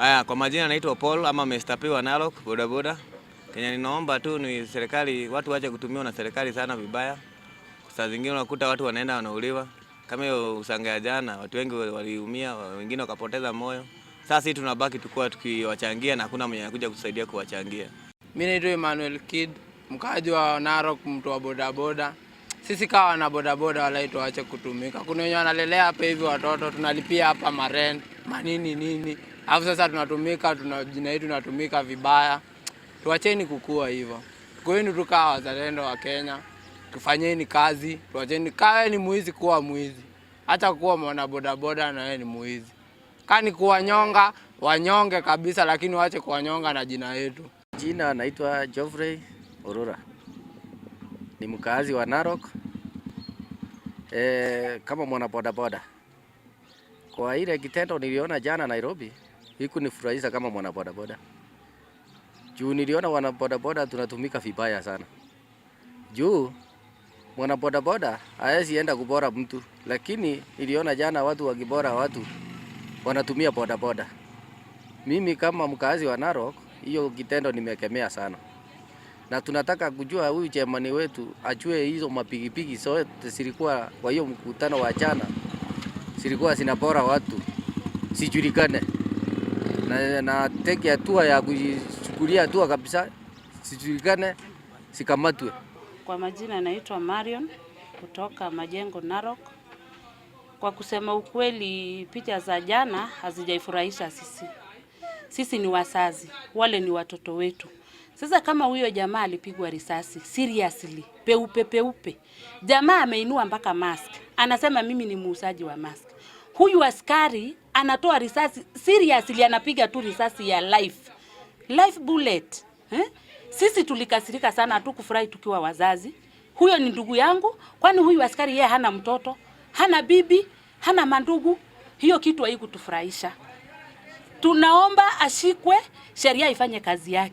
Aya, kwa majina naitwa Paul ama Mr. P wa Narok bodaboda. Kenya ninaomba tu ni serikali, watu waache kutumiwa na serikali sana vibaya. Saa zingine unakuta watu wanaenda wanauliwa. Kama hiyo Usanga ya jana, watu wengi waliumia, wengine wakapoteza moyo. Sasa sisi tunabaki tukua tukiwachangia na hakuna mwenye anakuja kusaidia kuwachangia. Mimi naitwa Emmanuel Kid, mkaaji wa Narok, mtu wa bodaboda. Sisi kawa wana bodaboda wala tuache kutumika. Kuna wenye wanalelea hapa hivi watoto tunalipia hapa marent, manini nini alafu sasa tunatumika tuna jina hili tunatumika vibaya. Tuacheni kukua hivyo, kuweni tu kama wazalendo wa Kenya, tufanyeni kazi, tuacheni. Kama ni mwizi, kuwa mwizi, hata kuwa mwana bodaboda na yeye ni mwizi. Kani kuwanyonga wanyonge kabisa, lakini waache kuwanyonga na jina yetu. Jina anaitwa Geoffrey Orora, ni mkaazi wa Narok. E, kama mwana bodaboda, kwa ile kitendo niliona jana Nairobi hiku Hikunifurahisha kama mwanabodaboda juu niliona wanabodaboda tunatumika vibaya sana juu mwanabodaboda hawezi enda kubora mtu, lakini niliona jana watu wakibora watu wanatumia bodaboda. Mimi kama mkazi wa Narok, hiyo kitendo nimekemea sana, na tunataka kujua huyu chemani wetu ajue hizo mapigipigi zote zilikuwa kwa hiyo mkutano wa jana zilikuwa zinapora watu sijulikane na, na teke hatua ya kujichukulia hatua kabisa, sijulikane, sikamatwe. Kwa majina naitwa Marion kutoka Majengo, Narok. Kwa kusema ukweli, picha za jana hazijaifurahisha sisi. Sisi ni wazazi, wale ni watoto wetu. Sasa kama huyo jamaa alipigwa risasi seriously, peupe peupe, jamaa ameinua mpaka mask, anasema mimi ni muuzaji wa mask. Huyu askari anatoa risasi seriously, anapiga tu risasi ya life life bullet eh? Sisi tulikasirika sana, hatukufurahi tukiwa wazazi. Huyo ni ndugu yangu, kwani huyu askari yeye hana mtoto, hana bibi, hana mandugu. Hiyo kitu haikutufurahisha. Tunaomba ashikwe, sheria ifanye kazi yake.